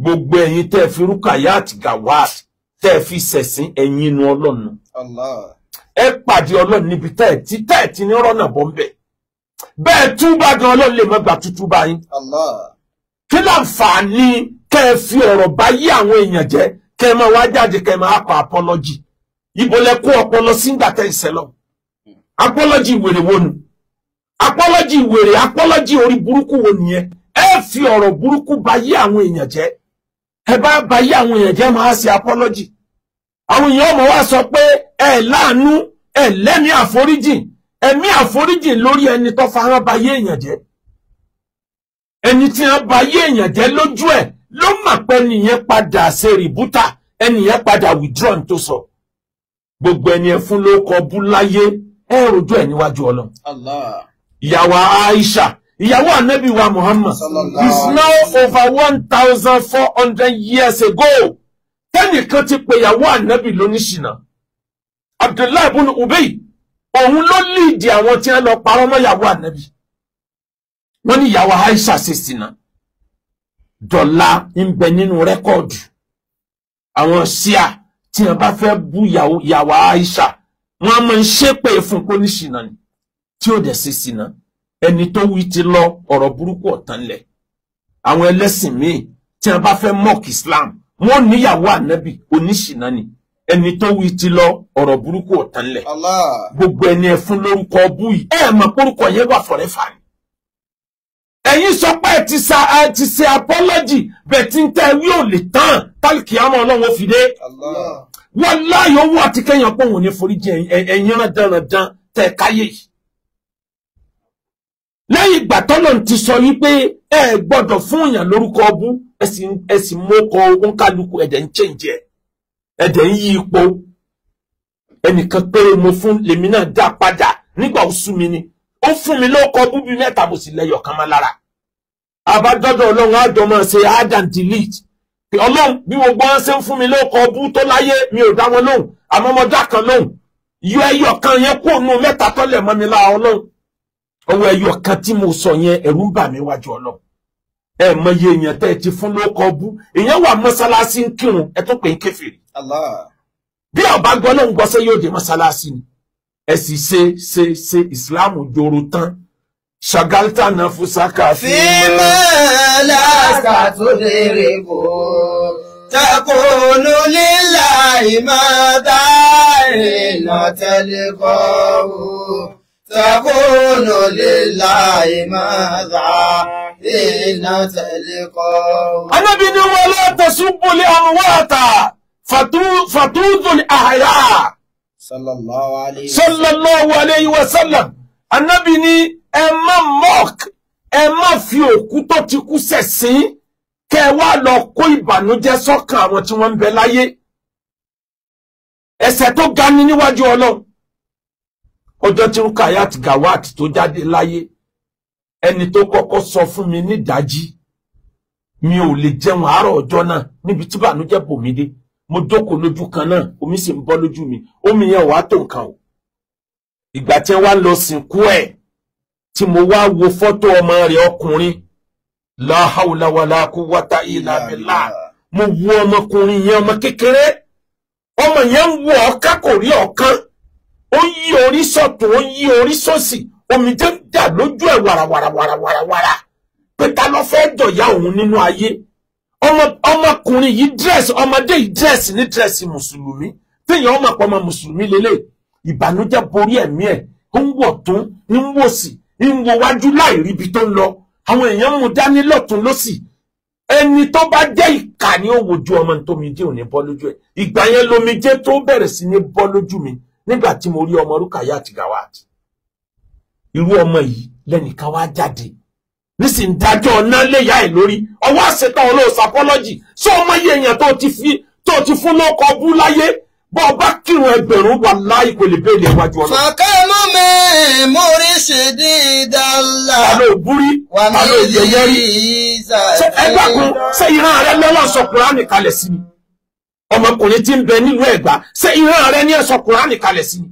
gbogbo ẹyin tẹ fi rúkàyàt gawat tẹ́ fi ṣẹ̀sìn ẹ̀yin inú ọlọ́run ẹ pàdé ọlọ́run níbi tẹ́ ẹ̀ tí tẹ́ ẹ̀ ti ní rọ́nà bọ́ ń bẹ̀ bẹ́ẹ̀ túbà gan ọlọ́run lè má gbà tútú bá yín kí láǹfààní kẹ́ ẹ fi ọ̀rọ̀ bá yí àwọn èèyàn jẹ́ kẹ́ ẹ máa wá jáde kẹ́ máa kọ apọ́lọ́jì ibo lẹ kó ọpọlọ sígbà tẹ́ ìṣẹ́lọ apọ́lọ́jì wèrè wonu apọ́lọ́jì wèrè apọ́lọ́jì orí burúkú wo nìyẹn ẹ fi ọ̀rọ̀ burúkú bá yí àwọn èèyàn jẹ́ ẹ bá ba yí àwọn èèyàn jẹ́ máa ṣe apọ́lọ́jì àwọn èèyàn ọmọ wa sọ pé ẹ láàánú ẹ lẹ́mí àforíjìn ẹ̀mí àforíjìn lórí ẹni tó farán ba yé èèyàn jẹ́ ẹni tí wọ́n ba yé èèyàn jẹ́ lójú ẹ̀ ló mà pé nìyẹn padà ṣe rìbúta ẹnìyẹn padà withdraw tó sọ gbogbo ẹni ẹ fún ló kọ bú láyé ẹ rojú ẹ níwájú Ọlọ́run ìyàwó Aisha ìyàwó ànábì wa Muhammad is now over one thousand four hundred years ago tẹ́nìkan ti pe ìyàwó ànábì lóníṣìnà Abdullahi ibn Ubay òun ló líìdì àwọn tí wọ́n lọ parọ́ mọ́ ìyàwó ànábì wọ́n ní ìyàwó Aisha ṣe ṣìnà dọ̀la ń bẹ nínú rẹ́kọ̀dù àwọn ṣíà tí wọ́n bá fẹ́ bú ìyàwó Aisha wọ́n máa ń ṣépè fún kóníṣìnà tí ó dẹ̀ ṣe ṣìnà ẹni tó wí ti lọ ọ̀rọ̀ burúkú ọ̀tán lẹ̀ àwọn ẹlẹ́sìn míì tí wọ́n bá fẹ́ mock Islam wọ́n níyàwó ànábì oníṣìná ni ẹni tó wí ti lọ ọ̀rọ̀ burúkú ọ̀tán lẹ̀ gbogbo ẹni ẹ fún lórúkọ ọbú yìí ẹ mọ̀ pórúkọ yẹn wà fọ̀rẹ́fà ni ẹ̀yin sọ pé ẹ ti sa ẹ ti ṣe apọ́lọ́jì bẹ̀tí ń tẹ́ wí ò lè tán tálíkì àmọ́ ọlọ́run fi dé wọ́n láyọ̀ owó àti kẹ́yìn ọpọ́n òní foríjì ẹ̀yìn rán dandan tẹ̀ káyé yìí lẹ́yìn ìgbà tọ́nà ti sọ yí pé ẹ gbọ́dọ̀ fún èèyàn lórúkọ ọbú ẹ sì mọ́kọ òǹkàlùkù ẹ̀dẹ̀ ń chẹ́ǹjẹ ẹ̀dẹ̀ ń yí ipò ẹnìkan péré mo fún lèmi náà dá padà nígbà oṣù mi ni ó fún mi lọ́kọ ọbú bíi mẹ́ta mo sì lẹ́yọ̀ kan máa lára àbájọ́dọ̀ ọlọ́run àjọ máa ṣe add and delete pé ọlọ́run bí mo gbọ́n ṣe ń fún mi lọ́kọ ọbú tó láyé mi ò dá wọn lóhùn àmọ́ mo dá kan lóhùn yọ ẹyọ kan yẹn kúrò nù mẹ́ta tọ́lẹ̀ mọ́ mi lára ọlọ́run ọwọ́ ẹyọ kan tí mo sọ yẹn ẹ̀rù ń bà mí wájú ọlọ ẹ mọye èèyàn tẹ́ ẹ ti fún lóko bú èèyàn wà mọ́sálásí ń kírun ẹ tó pè ń kèfèrí bí ọba gbọ́ lóun gbọ́sẹ́ yóò dé mọ́sálásí ni ẹ sì ṣe ṣe ṣe ìsìláàmù joro tán ṣàgáltà náà fún sáká fún mọ́ lásìkò tó lè rè bò takunu lílà ìmọ̀ dáìrì lọ́tẹ́lẹ́kọ̀ọ́. تكون لله ماذا حين تلقوا النبي ولا تسبوا الأموات فتوذوا الأحياء صلى الله عليه وسلم صلى الله عليه وسلم النبي ni ẹ má mock ẹ má fi òkú tó ti kú ṣẹ̀sín kẹ́ wá lọ kó ìbànújẹ́ sọ́kàn àwọn ni níwájú Ọlọ́run ọjọ́ tí Rukayat Gawat tó jáde láyé ẹni tó kọ́kọ́ sọ fún mi nídàájí mi ò lè jẹun àárọ̀ ọjọ́ náà níbi tí bànújẹ́ bò mo jókòó lójú kan náà omi sì ń bọ́ lójú mi omi yẹn wàá tó nǹkan o ìgbà tí wàá lọ sìnkú ẹ̀ tí mo wá wo fọ́tò ọmọ rẹ̀ ọkùnrin la hawla wala quwwata illa billah mo wo ọmọkùnrin yẹn ọmọ kékeré ọmọ yẹn ń wọ ọ̀ká kò rí ó ń yí orí sọ́tún ó ń yí orí sọ́sì omijé ń dà lójú ẹ̀ wàràwàràwàràwàrà pé ta ló fẹ́ dọ̀yà òun nínú ayé ọmọkùnrin yìí dírẹ́sì ọmọdé yìí dírẹ́sì ní dírẹ́sì mùsùlùmí téèyàn ọmọ pọ̀ ọmọ mùsùlùmí lélẹ̀ ìbànújẹ́ borí ẹ̀mí ẹ̀ ó ń wọ̀ tún ń wò sí ń wo wájú láì ríbi tó ń lọ àwọn èèyàn mú dání lọ́tún lọ́sì ẹni tó bá jẹ́ ìkà ni ó wojú ọmọ nítorí jẹ́ òní bọ́ lójú ẹ̀ ìgbà yẹn lomijé tó bẹ̀rẹ̀ sí ní bọ́ lójú mi nígbà tí mo rí ọmọ Rukayat Gawat irú ọmọ yìí lẹ́nìkan wá jáde nísìnyí ọ̀nà léyà ẹ̀ lórí ọwọ́ àṣetán olóòsà apọ́lọ́jì sọ ọmọ yìí èèyàn tó ti fi tó ti fún lọ́kọ̀ bú láyé bọ́ ọ bá kírun ẹgbẹ̀rún wà láì kò béèlè iwájú ọ̀nà. mi ẹgbẹ́ kun ìran ọmọkùnrin tí ń bẹ nílùú Ẹ̀gbá ṣé ìran rẹ ní ẹsọ Kùránì kalẹ̀ sí ni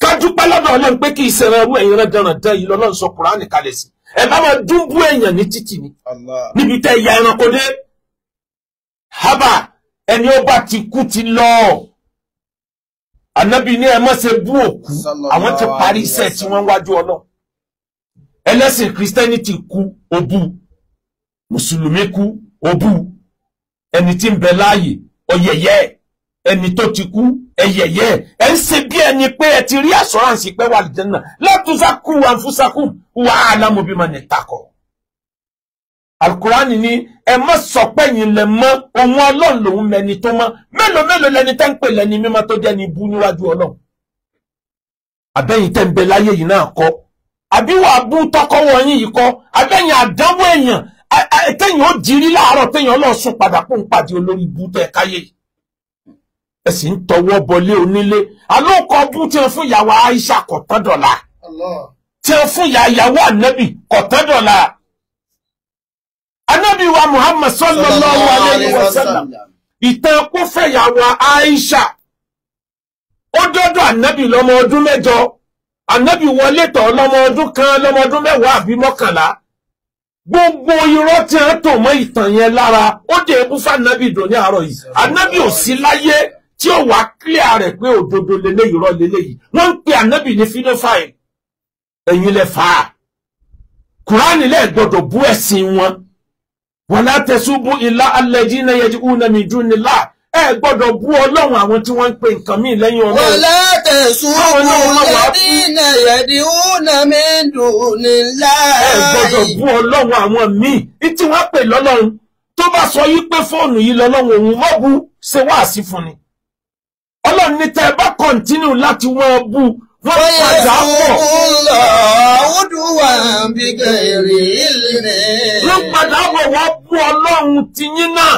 ká dúpẹ́ lọ́dọ̀ Ọlọ́run pé kì í ṣe ẹran ẹ̀yìn rẹ dandan yìí lọ́dọ̀ sọ Kùránì kalẹ̀ sí ẹ bá máa dúnbú èèyàn ní títì ni níbi tẹ ìyá ẹranko dé haba ẹni ó bá ti kú ti lọ ànábì ni ẹ má ṣe bú òkú àwọn ti parí iṣẹ́ tí wọ́n wájú Ọlọ́run ẹlẹ́sìn Christianity kú òbú mùsùlùmí kú òbú ẹni tí ń bẹ láàyè ọ̀yẹ̀yẹ́ ẹni tó ti kú ẹ̀yẹ̀yẹ́ ẹ̀ ń ṣe bí ẹni pé ẹ ti rí assurance pé wà lìjẹ́ náà látúnṣakú àǹfúṣakú wà á lámú bí mà ní takọ̀. alukurani ni ẹ má sọ pé yín lẹ mọ ohun ọlọ́run lòun mẹni tó mọ mélòó mélòó lẹni tẹ́ ń pè lẹni mímọ́ tó jẹ́ ni bú níwájú ọlọ́run. àbẹ́yìn tẹ́ ń bẹ láyé yìí náà kọ́ àbí wàá bú tọkọ wọ̀nyí yìí kọ́ àbẹ́yìn àdánwò èèyàn téèyàn ó dirí láàárọ̀ téèyàn lọ padà kó ń pàdé olórí ibú káyé ẹ ń tọwọ́ bọlé onílé alóòkọ Aisha kọtọdọlà tí wọn fún ìyàwó anabi kọtọdọlà wa Muhammad sallallahu alayhi wa sallam ìtàn kó Aisha ó anabi lọmọ ọdún wọlé kan lọmọ ọdún àbí gbogbo irọ́ tí wọ́n tàn mọ́ ìtàn yẹn lára ó dé ebú fànàbì dùn ní àárọ̀ yìí ànábì ò sí láyé tí ó wàá clear rẹ̀ pé òdodo leléyìí irọ́ leléyìí wọ́n ń pe ànábì ní fínáfàì ẹ̀yin lẹ fà á kùránì lẹ́ẹ̀ gbọ́dọ̀ bú ẹ̀sìn wọn wọ́n látẹ̀sùbù ilá alẹ́jìnà yẹjú ùnàmìdúnilá ẹ gbọ́dọ̀ bú ọlọ́run àwọn tí wọ́n ń pe nǹkan míì lẹ́yìn ọlọ́run. wọ́n látẹ̀sùn ọkùnrin lẹ́dínà yẹ̀dínwúnà mi dùn ní láàyè. ẹ gbọ́dọ̀ bú ọlọ́run àwọn míì ní tí wọ́n pè lọ́lọ́run tó bá sọ yí pé fóònù yìí lọ́lọ́run òun mọ́ bu ṣe wá sí fún ni. ọlọ́run ní tẹ́ ẹ bá kọ́ntínú láti wọ́n bú wọ́n padà pọ̀. wọ́n padà wọ̀ wọ́n bú ọlọ́run tiyín náà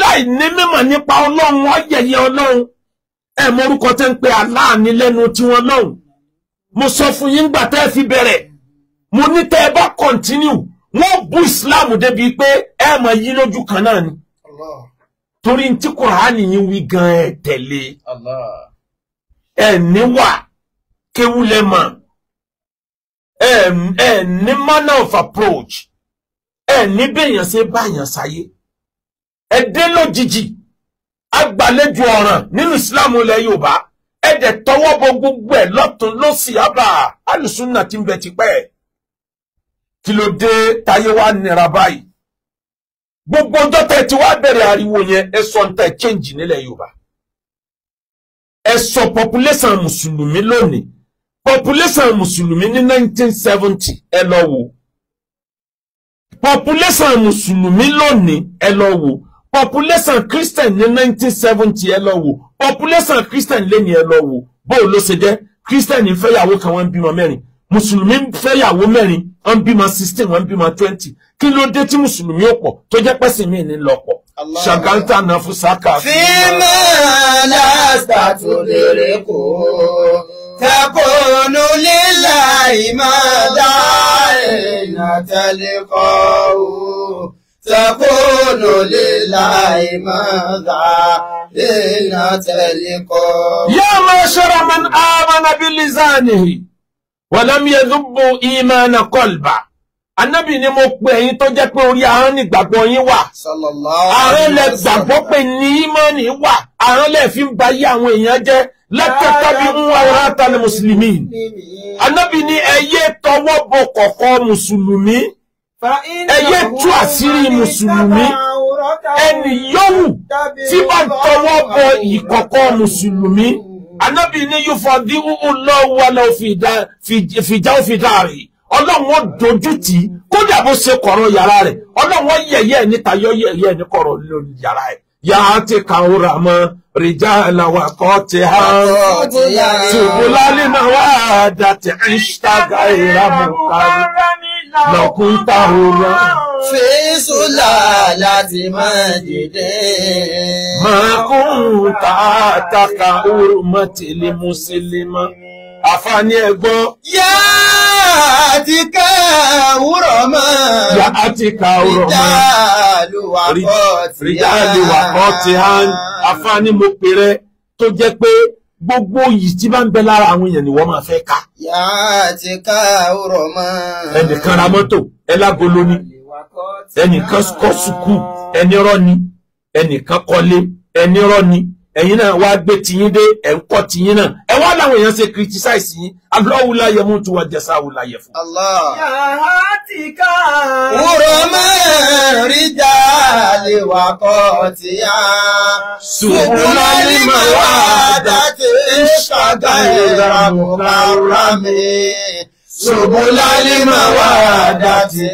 láì ní mímọ̀ nípa ọlọ́run wọ́n yẹ̀yẹ́ ọlọ́run ẹ̀ mọ́rúkọ tẹ́ ń pe aláàní lẹ́nu tiwọn lọ́hùn mo sọ fún yín gbà tẹ́ fi bẹ̀rẹ̀ mo ní tẹ́ ẹ bá kọ̀ntínú wọ́n bú islam débi pé ẹ mọ̀ yí lójú kan náà ni torí tí kùránì yín wí gan ẹ tẹ̀lé ẹ níwà kéwúlẹ̀ mọ̀ ẹ ní manner of approach ẹ ní bẹ́yàn ṣe báyàn sáyé. ẹdẹ lójijì agbàlejò ọràn nínú ìsìláàmù ilẹ̀ yorùbá ẹdẹ tọwọ bọ gbogbo ẹ lọ́tún lọ́sì abá alùsùnà tí ń bẹ tipẹ́ kí ló dé táyé wá nira báyìí gbogbo ọjọ́ tẹ̀ tí wàá bẹ̀rẹ̀ ariwo yẹn ẹ sọ ń tẹ̀ change nílẹ̀ yorùbá ẹ sọ population mùsùlùmí lónìí population mùsùlùmí ní 1970 ẹ lọ wò population mùsùlùmí lónìí ẹ lọ wò population christian ní 1970 ẹ lọ wò population christian lẹ́ni ẹ lọ wò bó ló ṣe jẹ́ christian fẹ́yàwó kan wọ́n ń bímọ mẹ́rin mùsùlùmí fẹ́yàwó mẹ́rin wọ́n ń bímọ 16 wọ́n ń bímọ 20 kí ló dé tí mùsùlùmí ò pọ̀ tó jẹ́ pẹ́sìn mí ní lọ́pọ̀ ṣàgántà náà sáka. fíìmù aláàtà tó lè kó takunu lílà ìmọ̀ dáa èèyàn tẹ́lẹ̀ تكون للأئمة دينة القوم يا معشر من آمن بلسانه ولم يذب إيمان قلبه Ànábì ni mo pè yín tó jẹ́ pé orí ahọ́n ni gbàgbọ́ yín wà ahọ́n lẹ gbàgbọ́ pé ní ìmọ̀ọ́nì wà ahọ́n lẹ fi ń ba yé àwọn èèyàn jẹ́ látàkàbí ń wá rátà ní mùsùlùmí Ànábì ni ẹ yé tọwọ́ bọ kọ̀kọ́ ẹ yé tú àṣírí mùsùlùmí ẹnì yòówù tí bá ń tọwọ́ bọ ìkọ̀kọ̀ mùsùlùmí anábì ní yúfọdí lọ́wọ́ wa lọ fìjà òfìdá rè ọlọ́run ó dojú tì í kódà bó ṣe kọ̀rọ̀ yàrá rẹ̀ ọlọ́run ó yẹ̀yẹ́ níta yọ yẹ̀yẹ́ ní kọ̀rọ̀ lórí yàrá rẹ̀ yàá ti kàwọn rà mọ́ rìjà làwọn akọ́ ti hà ṣùgbọ́n lálẹ́ náà wà á dàtẹ̀ ń ṣàgà ìràmù kàwọn lọ́kùn tá ò lọ. fèsùlà láti máa dìde. màkùn tá a taka oró mọ́ tẹ̀lé mùsùlùmá. àfààní ẹ̀gbọ́n. yá àti ká àwùrọ̀ mọ́. yá àti ká àwùrọ̀ mọ́. rídà lè kọ́ ti hàn. àfààní mo pè rẹ tó jẹ́ pé gbogbo yìí tí bá ń bẹ lára àwọn èèyàn ni wọ́n máa fẹ́ ká. yà á ti ká àwòrán mọ́. ẹnìkan ra mọ́tò ẹ lágolo ẹnìkan kọ́ sùkúù ẹni ẹnìkan kọ́lé ẹni ẹ̀yin náà wá gbé tiyín dé ẹ̀ ń kọ́ tiyín náà ẹ wá láwọn èèyàn ṣe criticize yín Allahu la yamutu wa jazahu la Allah. yàrá ti ká. wúrọ̀ mẹ́rin já lè wà kọ́ ti yá. ṣùgbọ́n ní mà wá dá ti ṣàgá mi. ṣùgbọ́n ní mà wá dá ti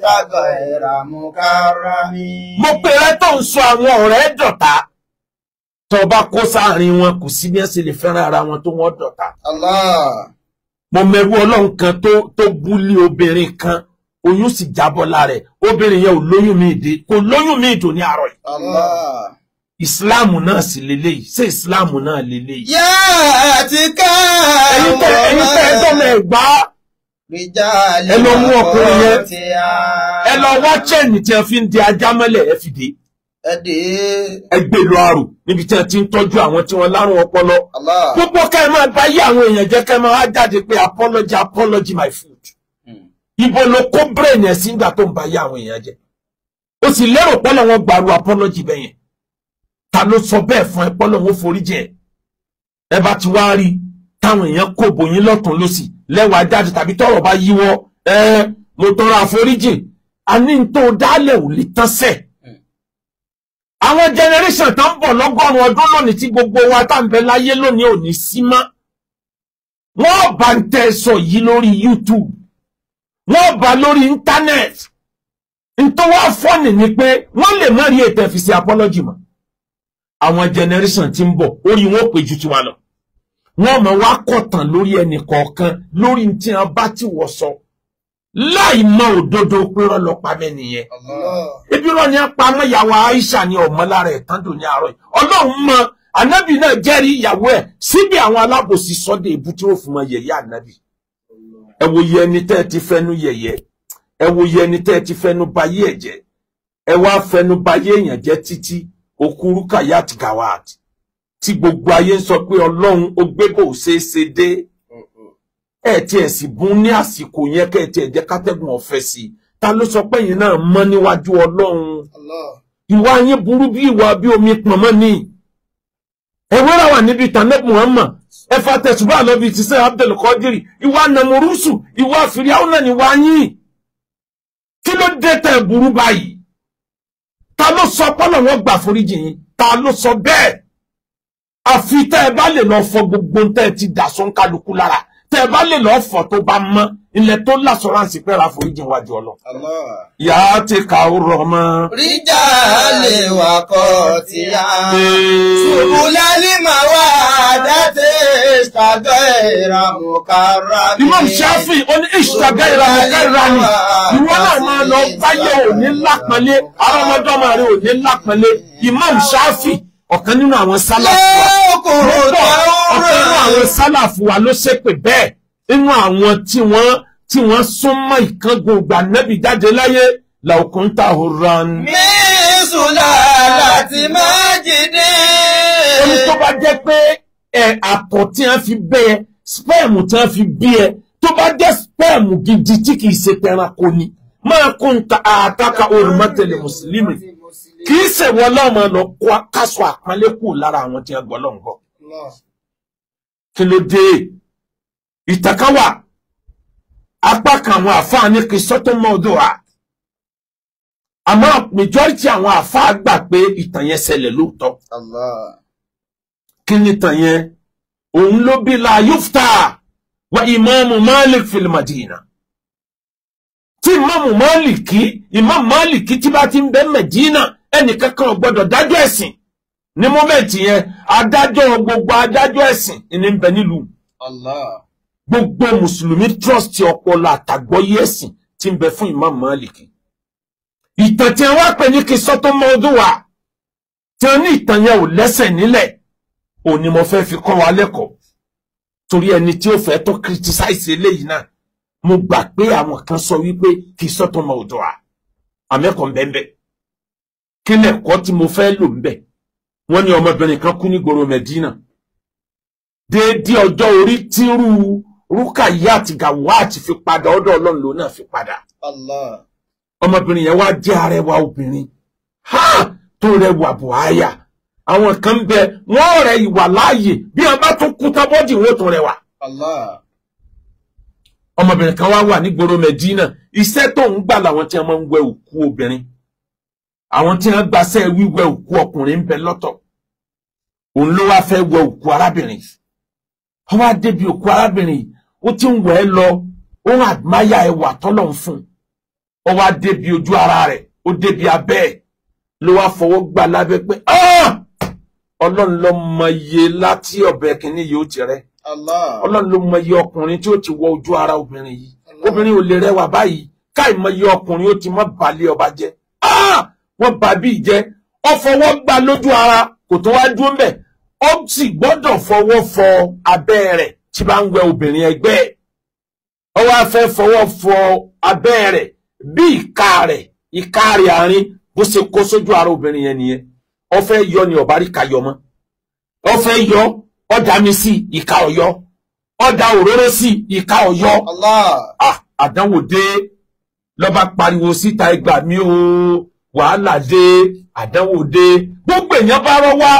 ṣàgá mi. mo pèrè tó ń sọ àwọn ọ̀rẹ́ dọ̀tá tó bá kó sáàrin wọn kò sí bí wọn ṣe lè fẹ́ràn ara wọn tó wọ́n dọ̀tá. mo mẹ́rú ọlọ́run kan tó búlé obìnrin kan oyún sì jábọ́ lára ẹ̀ obìnrin yẹn ò lóyún mi ìdè kò lóyún mi ìdò ní àárọ̀ yìí. Ìsìláàmù náà sì leléyìí, ṣé Ìsìláàmù náà leléyìí? Yá àti ká ọmọ rẹ̀. Ẹyin tẹ́ ẹ dọ́nà gbá. Ẹ lọ mú ọkùnrin yẹn. Ẹ lọ wá chẹ́ẹ̀nì tí wọ́n fi ń di ajá mọ́lẹ̀ ẹ fi dé ẹgbẹ́ lọ àrò níbi tí wọ́n ti ń tọ́jú àwọn tí wọ́n lárùn ọpọlọ púpọ̀ ká ẹ máa bá yí àwọn èèyàn jẹ́ ká ẹ máa wá jáde pé apology apology my food hmm. ibo ló kó brain ẹ̀ sí nígbà tó ń bá yí àwọn èèyàn jẹ́ o sì lérò pọ́lọ̀ wọn gbàrú apology bẹ́yẹn ta ló sọ bẹ́ẹ̀ fún ẹ pọ́lọ̀ wọn forí jẹ ẹ bá ti wá rí táwọn èèyàn kò bòyín lọ́tún lọ́sì lẹ́wàá jáde tàbí tọ́rọ̀ bá yí wọn ẹ mo tọrọ àforíjì àwọn generation tó ń bọ̀ lọ́gọ́rùn-ún ọdún lónìí tí gbogbo wa tá ń bẹ láyé lónìí ò ní sí mọ́ wọ́n bá ń tẹ sọ yìí lórí YouTube wọ́n bá lórí internet tó wá fọ́nì ni pé wọ́n lè má rí ètò ẹ̀fìsì apology mọ́ àwọn generation tí ń bọ̀ orí wọn ò pé ju tiwa lọ wọ́n mọ̀ wá kọ̀tàn lórí ẹnì kọ̀ọ̀kan lórí tí wọ́n bá ti wọ̀ sọ. So láì mọ òdodo pé rọ́ lọ pa mẹ́ni yẹn ibi rọ́ ni a pa mọ́ ìyàwó Aisha ni ọ̀mọ́ lára ẹ̀ tán dò ní àárọ̀ yìí ọlọ́run mọ ànábì náà jẹ́rìí ìyàwó ẹ̀ síbi àwọn alábòsí sọ́dẹ̀ ìbú tí ó fún mọ yẹ̀yẹ́ ànábì ẹ wo yẹ ẹni tẹ́ ẹ ti fẹ́nu yẹ̀yẹ́ ẹ wo yẹ ẹni tẹ́ ẹ ti fẹ́nu bayé ẹ̀ jẹ́ ẹ wá fẹ́nu bayé èèyàn jẹ́ títí okuru kayat gawad tí gbogbo ayé sọ pé ọlọ́run ó gbé kò ṣeé ṣe dé ẹ tiẹ̀ sì bùn ní àsìkò yẹn kẹ́ ẹ tiẹ̀ jẹ́ kátẹ́gùn ọ̀fẹ́ sí i ta ló sọ pé yìí náà mọ́ níwájú ọlọ́run ìwà yín burú bí ìwà bí omi pọ̀nmọ́ ni ẹ̀wẹ́rà wà níbi tanep muhammad ẹ̀fà tẹ̀sùbá àlọ́bí ti sẹ́ abdul kọ́dírì ìwà nàmúrúsù ìwà àfìrí àwọn náà níwà yín kí ló dé tẹ̀ burú báyìí ta ló sọ pọ́lọ̀ wọn gbà foríjì yín ta ló sọ bẹ́ẹ̀ àfi tẹ́ ẹ bá lè lọ fọ gbogbo tẹ́ ẹ ti dà sọ́n kálukú lára tẹ bá lè lọ fọ tó bá mọ ilẹ̀ tó lásọ̀ránsì pẹ́ra foríjì wájú ọlọ. yà ti kà ó rọ mọ́. ríjà lè wà kọ́ ti yá. ṣùgbọ́n ní màá wà dáté ìṣàgọ́ ìràmù kára mi. Imam Shafi ó ní ìṣàgọ́ ìràmù kára mi. ìwọ náà máa lọ báyẹ̀ òní lápẹ́lẹ́ arọ́mọdọ́mọ rẹ̀ òní lápẹ́lẹ́ Imam Shafi ọ̀kan nínú àwọn sálàfù wa ọ̀kan nínú àwọn sálàfù wa ló ṣépè bẹ́ẹ̀ nínú àwọn tí wọ́n tí wọ́n súnmọ́ ìkángun ìgbà nẹ́bí jáde láyé làókùn ta òran. mi sùlá láti máa jìnnì. ó ní tó bá jẹ́ pé ẹ̀ àtọ̀ tí wọ́n fi bẹ́ ẹ spẹ́ẹ̀mù tí wọ́n fi bí ẹ tó bá jẹ́ spẹ́ẹ̀mù gidi tí kì í ṣe tẹranko ni máa kún àtàkà òrùmọ́tẹ̀lẹ̀ mùsùlùmí kì í ṣèwọ lọ́mọ lọ kó kásọ àpọ́nlé kù lára àwọn tí wọ́n gbọ́ lọ́n gbọ́ kí ló dé ìtàkáwà apá kan àwọn àfáà ní kí sọ́tún mọ́ odò wa àmọ́ majority àwọn àfáà gbà pé ìtàn yẹn ṣẹlẹ̀ lóòótọ́ kí ni ìtàn yẹn òun ló bí la yufta wa ìmáàmù Malik fil Madina tí ìmáàmù Malik kí ìmáàmù Malik tí bá ti ń bẹ Madina ẹnìkan kan ò gbọ́dọ̀ dájọ́ ẹ̀sìn ní mọ́mẹ́ǹtì yẹn adájọ́ gbogbo adájọ́ ẹ̀sìn ní bẹ nílùú gbogbo mùsùlùmí trust ọpọlọ àtàgbọ́yé ẹ̀sìn tí ń bẹ fún Imam Maliki ìtàn tí wọ́n pè ní kí sọ́tò mọ́ọ́dún wa tí wọ́n ní ìtàn yẹn ò lẹ́sẹ̀ nílẹ̀ òní mo fẹ́ fi kọ́ wa lẹ́kọ̀ọ́ torí ẹni tí ó fẹ́ tó criticize eléyìí náà mo gbà pé àwọn kan sọ wípé kì í sọ́tò mọ́ọ́dún wa àmẹ́kọ̀ọ́ bẹ́ẹ̀ kí lẹ̀kọ́ tí mo fẹ́ lò ń bẹ̀ wọ́n ní ọmọbìnrin kan kú nígboro Medina déédéé ọjọ́ orí tírú Rukaya àti Gawat fi padà ọ̀dọ̀ Ọlọ́run lòun náà fi padà ọmọbìnrin yẹn wá jẹ́ arẹwà obìnrin tó rẹwà bùháyà àwọn kan bẹ wọ́n rẹ ìwà láàyè bí wọ́n bá tún kú tábọ́dì wọ́n tún rẹwà. ọmọbìnrin kan wá wà nígboro Medina iṣẹ́ tó ń gbà làwọn tí wọ́n máa ń wẹ òkú obìnrin àwọn tí wọ́n gbaṣẹ́ wíwẹ òkú ọkùnrin ń bẹ lọ́tọ̀ òun ló wá fẹ́ wẹ òkú arábìnrin ó wá débi òkú arábìnrin ó ti ń wẹ̀ ẹ́ lọ ó ń àdmáyà ẹwà tọ́lọ̀ ń fún ó wá débi ojú ara rẹ̀ ó débi abẹ́ ẹ̀ ló wá fọwọ́ gbà lábẹ́ pé ah! ọlọ́run ló mọ iye láti ọ̀bẹ kínní yìí ó ti rẹ́ ọlọ́run ló mọ iye ọkùnrin tí ó ti wọ ojú ara obìnrin yìí obìnrin ò lè rẹwà báyìí káì mọ iye ọkùnrin ó ti mọ balẹ̀ ọba jẹ́ wọ́n bà bí jẹ́ ó fọwọ́ gbá lójú ara kò tó wá dúró mbẹ̀ ó sì gbọ́dọ̀ fọwọ́ fọ abẹ́ rẹ̀ tí bá ń wẹ obìnrin ẹgbẹ́ ẹ̀ ó wá fẹ́ fọwọ́ fọ abẹ́ rẹ̀ bí ìka rẹ̀ ìka rẹ̀ àárín bó ṣe kó sójú ara obìnrin yẹn nìyẹn ó fẹ́ yọ ni ọ̀bá ka yọ mọ́ ó fẹ́ yọ ó mi sí ìka ọ̀yọ́ ó òróró sí ìka ọ̀yọ́ ah, àdánwò dé ló pariwo síta ẹgbàá mi ooo wàhálà dé àdánwò dé gbogbo èèyàn bá rọ wá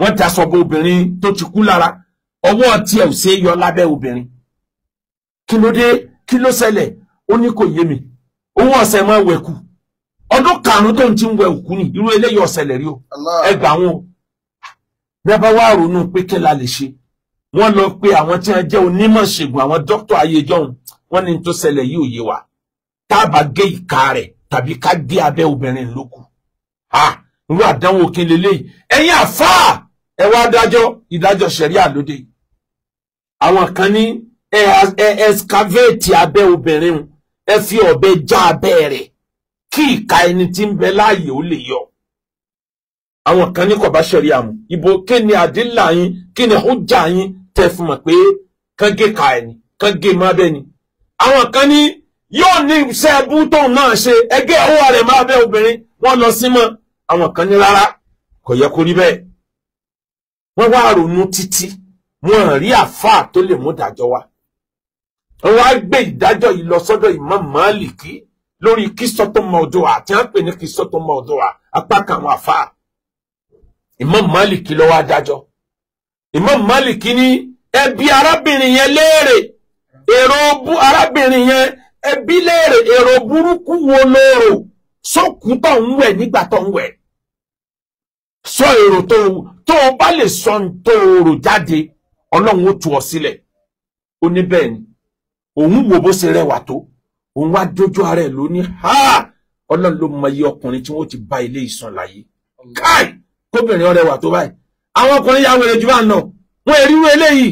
wọ́n daṣọ bo obìnrin tó ti kú lára ọwọ́ tiẹ̀ ò ṣe é yọ lábẹ́ obìnrin kí ló dé kí ló ṣẹlẹ̀ ó ní kò yé mi òun ọ̀sẹ̀ máa wẹ̀ kú ọdún karùn-ún tó ń ti ń wẹ òkú ni irú eléyìí ọ̀sẹ̀ lẹ̀ rí o ẹ gbà wọn o bí a wá ronú pé kí la lè ṣe wọ́n lọ pé àwọn tí wọ́n jẹ́ onímọ̀ ṣègùn àwọn dókítà ayéjọ́hún wọ́n ní tó ṣẹlẹ̀ yìí ò yé wa tá a bá gé ìka rẹ̀ tàbí ká dé abẹ́ obìnrin lókù irú àdánwò kín leléyìí ẹ̀yin àfáà ẹ wá dájọ́ ìdájọ́ ṣẹ̀ríà lóde àwọn kan ní ẹ ẹskavéètì abẹ́ obìnrin ẹ fi ọ̀bẹ já abẹ́ rẹ̀ kí ìka ẹni tí ń bẹ láàyè ó lè yọ àwọn kan ní kò bá ṣẹ̀ríà mu ibo kí ni àdílà yín kí ni hújà yín tẹ fún mọ̀ pé kán ka ẹni kán gé má bẹ́ni àwọn kan ní yóò ní iṣẹ́ ẹbú tóun náà ṣe ẹgbẹ́ owó rẹ̀ máa bẹ obìnrin wọ́n lọ sí mọ́ àwọn kan ní rárá kò yẹ kó rí bẹ́ẹ̀ wọ́n wá ronú títí wọ́n rí àfáà tó lè mú dájọ́ wá wọ́n wá gbé ìdájọ́ yìí lọ sọ́dọ̀ Imam Málìkì lórí kìsọ́tò mọ́ọ̀dọ́wà àti à ń pè ní kìsọ́tò mọ́ọ̀dọ́wà apá kan àwọn àfáà Imam Málìkì ló wá dájọ́ Imam Málìkì ní ẹbí arábìnrin yẹn léèrè èrò arábìnrin yẹn ẹbí léèrè èrò burúkú wo lóòrò sókùn tó ń wẹ̀ nígbà tó ń wẹ̀ sọ èrò tó tó o bá lè sọ tó o rò jáde ọlọ́run ó tú ọ sílẹ̀ ó ní bẹ́ẹ̀ ni òun wo bó ṣe rẹwà tó òun wá dójú ara ẹ̀ lóní ha ọlọ́run ló mọ iye ọkùnrin tí wọ́n ti bá ilé ìsàn láyé káì kóbìnrin ọrẹwà tó báyìí àwọn ọkùnrin yà wẹ̀rẹ̀ jù bá nà wọ́n èrú eléyìí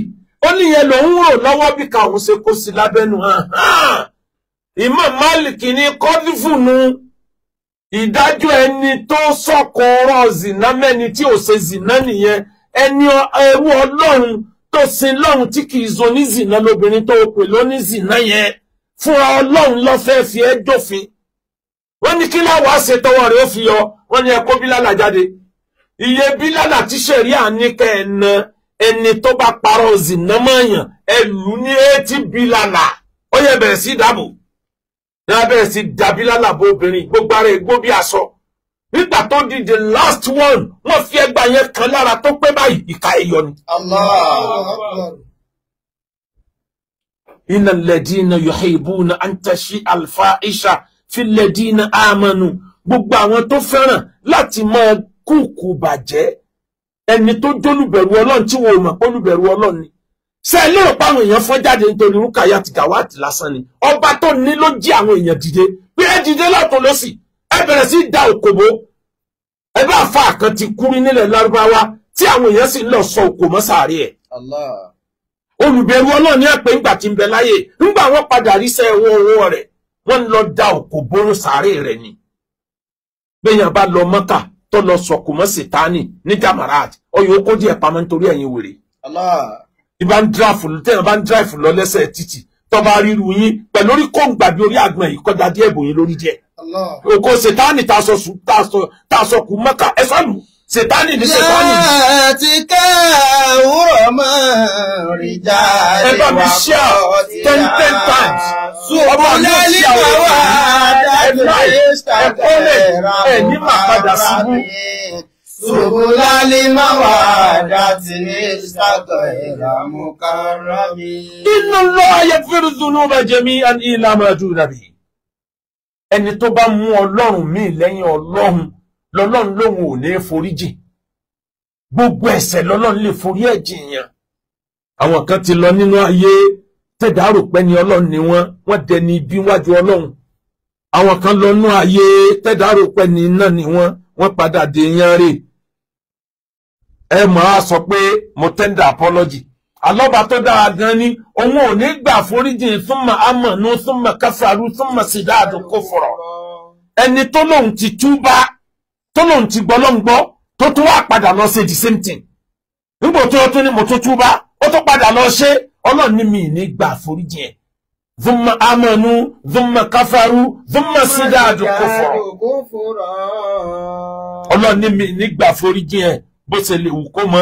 ó níyẹn lòun rò lọ́wọ́ bí káwọn ṣe kó sí lábẹ́nu hàn hàn. Imam Malik ní kọ́dífùnù ìdájọ́ ẹni tó sọ̀kò ọ̀rọ̀ zìnà mẹ́ni tí ò ṣe zìnà nìyẹn ẹni ẹrú ọlọ́run tó sin lọ́run tí kì í zo ní zìnà lóbìnrin tó pè lóní zìnà yẹn fúnra ọlọ́run ló fẹ́ fi ẹ́ jófin wọ́n ní kí láwàá ṣe tọwọ́ rẹ̀ ó fi yọ wọ́n ní ẹ bílálà jáde iye bílálà tí ṣẹ̀ríà ní ẹ̀ na ẹni tó bá parọ́ zìnà mọ́yàn ẹ lù ní etí bílálà ó yẹ bẹ̀rẹ̀ sí dáàbò ní abẹ́rẹ́ sí dàbí lálàbọ̀ obìnrin gbogbo ara ègbó bí aṣọ nígbà tó di the last one wọ́n fi ẹgbà yẹn kan lára tó pé báyìí ìka ẹ̀yọ ni. inna alladhina yuhibbuna an tashi al-fa'isha fi alladhina amanu gbogbo àwọn tó fẹ́ràn láti máa kúkú bàjẹ́ ẹni tó jólùbẹ̀rù ọlọ́run tí wọn ò mọ̀ pé olùbẹ̀rù ọlọ́run ni ṣe lérò pa àwọn èèyàn fọ́n jáde nítorí rúkàyà àti gàwáàtì lásán ni ọba tó ní ló jí àwọn èèyàn dìde pé ẹ dìde lọ́tún lọ́sì ẹ bẹ̀rẹ̀ sí da òkòbó ẹ bá fa àkàn ti kúrú nílẹ̀ lárúbáwá tí àwọn èèyàn sì lọ sọ òkò mọ́ sàárẹ̀ ẹ̀. olùbẹ̀rù ọlọ́run ní ẹ̀pẹ́ ńgbà tí ń bẹ láyè ńgbà wọ́n padà ríṣẹ́ wọn owó rẹ̀ wọ́n lọ da òkòbó sàárẹ̀ rẹ̀ ni. bẹ́ẹ̀yàn bá lọ mọ́kà tó lọ sọ̀kùmọ́sì tání ní jamarat ọyọ̀ ó kó díẹ̀ pamọ́ nítorí ẹ̀yin wèrè. Allah bá ń dráfù tẹ́yàn bá ń dráfù lọ lẹ́sẹ̀ títì tó ríru yín pẹ̀lú orí kóńgbà bí orí àgbọn yìí kọjá díẹ̀ bò yín lórí díẹ̀. òkò sètáànì tá a sọ kù mọ́kà ẹ sọ́lù sètáànì ní sètáànì. yàrá ti kẹ́ òwúrọ̀ mọ́ rìjà ìwà kọ́ ti rà. ten ten times. ọmọ yóò ṣe àwọn ọmọ ẹ̀ ẹ̀ ní màá padà síbú. Subulali mawadati mishtaqa ila mukarrami. Inna Allaha yaghfiru dhunuba jami'an ila ma duna bihi. Ẹni tó bá mú ọlọ́run míì lẹ́yìn ọlọ́run lọ́lọ́run lòun ò ní foríjì. Gbogbo ẹ̀ṣẹ̀ lọ́lọ́run lè forí ẹ̀jì yàn. Àwọn kan ti lọ nínú ayé tẹ̀dá rò ni ọlọ́run ni wọ́n wọ́n dẹni bí wájú ọlọ́run. Àwọn kan lọ nú ayé tẹ̀dá rò ni iná ni wọ́n wọ́n padà dé yánrè. ẹ máa sọ pé mo tender apology alọ́ba tó dára gan ni òun ò ní gbà foríjìn súnmọ́ amọ̀nù súnmọ́ káfàrú súnmọ́ sídáàdù kò fọ̀rọ̀ ẹni tó lòun ti túbá tó lòun ti gbọ́ lọ́n tó tún wá padà lọ ṣe the same thing nígbà tó tún ní mo o túbá ó padà lọ ṣe ọlọ́run ní mi ní gbà foríjìn ẹ̀ súnmọ́ súnmọ́ súnmọ́ sídáàdù kò fọ̀rọ̀ bó ṣe lè wù kó mọ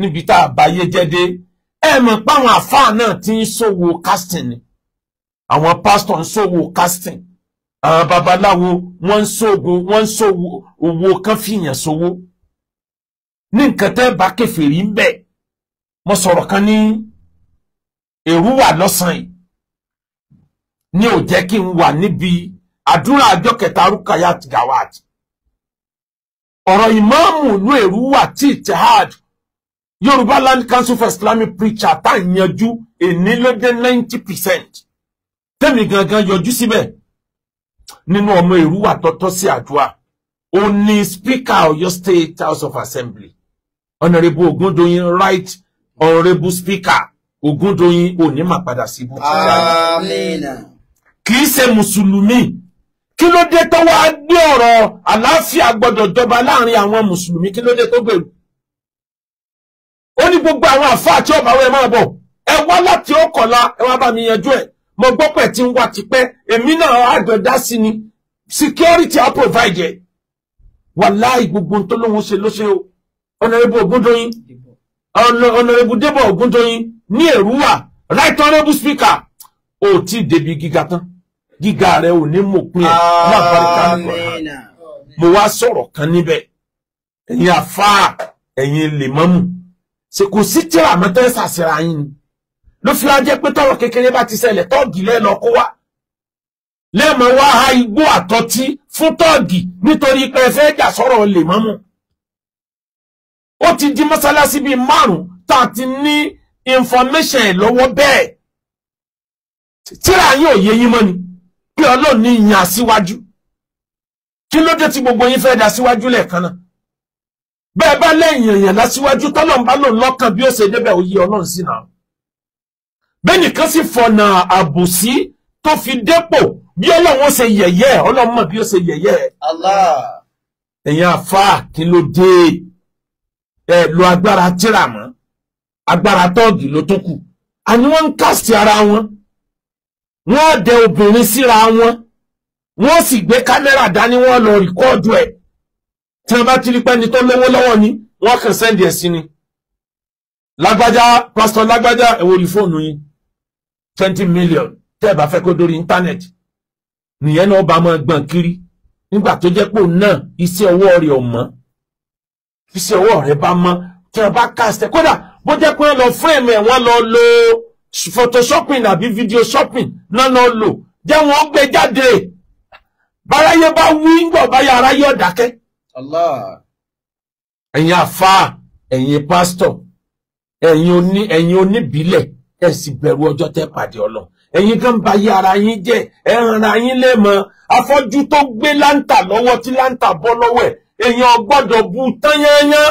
níbi tá a báyé jẹ́ ẹ mọ̀ páwọn àfáà náà ti ń ṣòwò casting ni àwọn pásítọ̀ ń ṣòwò casting àwọn babaláwo wọ́n ń ṣògo wọ́n ń ṣòwò owó kan fìyàn ṣòwò ní nǹkan tẹ́ bá kẹfìrí ń bẹ̀ mo sọ̀rọ̀ kan ní èrú wà lọ́sàn yìí ni ò jẹ́ kí n wà níbi àdúrà àjọ kẹta rúkàyà gawad ọ̀rọ̀ ìmáàmù ìlú Èrúwà tí Ittihad Yorùbá Land Council for Islamic Preacher tá à ń yanjú èní ló dé ninety percent tẹ́mi gangan yọjú síbẹ̀ nínú ọmọ Èrúwà tọ́tọ́ sí àdúrà ó ní Speaker Ọ̀yọ́ State House of Assembly Honourable Ogundoyin right Honourable Speaker Ogundoyin ò ní mà padà síbú. kì í ṣe mùsùlùmí. kí ló dé tó wá gbé ọ̀rọ̀ àlàáfíà gbọ́dọ̀ jọba láàrin àwọn mùsùlùmí kí ló dé tó gbèrú ó ní gbogbo àwọn àfáà tí ọba wẹ máa bọ̀ ẹ wá láti ọkọ̀la ẹ wá bá mi yanjú ẹ̀ tí ń wá tipẹ́ èmi náà dá sí ni security wàláì gbogbo tó gíga rẹ ò ní mòpin ẹ̀ náà bàríkà nìkọ̀ọ́nà mo wá sọ̀rọ̀ kan níbẹ̀ ẹ̀yin àfáà ẹ̀yin lèmọ́mù ṣe kò sí tíra mọ́tẹ́ sàṣẹra yín ni ló fi ajẹ́ pé tọrọ kékeré bá ti ṣẹlẹ̀ tọ́ọ̀gì lẹ́nu ọkọ wá lẹ́ẹ̀mọ wá ha igbó àtọ́tí fún tọ́ọ̀gì nítorí pé ẹ fẹ́ jà sọ̀rọ̀ lèmọ́mù ó ti di mọ́sálásí bíi márùn tá a ti ní information lọ́wọ́ bẹ́ẹ̀ tíra yín ò yé yín mọ́ ni pé ọlọ́run ní yan aṣíwájú kí ló dé tí gbogbo yín fẹ́ da aṣíwájú lẹ́ẹ̀kan náà bẹ́ẹ̀ bá lẹ́yìn èèyàn lásíwájú tọ́lọ́run bá lòun lọ́kàn bí ó ṣe débẹ̀ òye ọlọ́run sí náà bẹ́ẹ̀ nìkan sì fọ̀nà àbòsí tó fi dépò bí ọlọ́run ó ṣe yẹ̀yẹ́ ọlọ́run mọ̀ bí ó ṣe yẹ̀yẹ́ Allah ẹ̀yin àfa kí ló dé ẹ lo agbára tíra mọ́ agbára tọ́ọ̀gì ló tó kù àní wọ́n ń kàsí ara wọn wọ́n dẹ obìnrin síra wọn wọ́n sì gbé kámẹ́rà dání wọ́n lọ rìkọ́ọ̀dù ẹ̀ tí wọ́n bá ti rí pẹ́ni tó lówó lọ́wọ́ ni wọ́n kàn sẹ́ndì ẹ̀ sí ni lágbájá pásítọ̀ lágbájá ẹ̀wọ̀n orí fóònù yín twenty million tẹ́ ẹ̀ bá fẹ́ kó dórí íńtánẹ́ẹ̀tì nìyẹn náà bá máa gbọ̀n kiri nígbà tó jẹ́ pò náà iṣẹ́ ọwọ́ rẹ̀ ò mọ́ iṣẹ́ ọwọ́ rẹ̀ bá mọ́ tí wọ́n bá kà sẹ́ kódà bó jẹ́ pé wọ́n lọ fún ẹ̀mẹ̀ wọ́n lọ lọ́ọ́ photo shopping àbí video shopping lọ́nà lò jẹ́ wọ́n gbé jáde báráyé bá wí ń gbọ̀ báyà aráyé ọ̀dákẹ́. ẹ̀yin àfáà ẹ̀yin pásítọ̀ ẹ̀yin oní ẹ̀yin oníbílẹ̀ ẹ̀ sì bẹ̀rù ọjọ́ tẹ́ pàdé ọlọ́ ẹ̀yin kan bá yí ara yín jẹ́ ẹ̀ ràn yín lẹ́mọ afọ́jú tó gbé láǹtà lọ́wọ́ tí láǹtà bọ́ lọ́wọ́ ẹ̀ èèyàn gbọ́dọ̀ bu tán yányán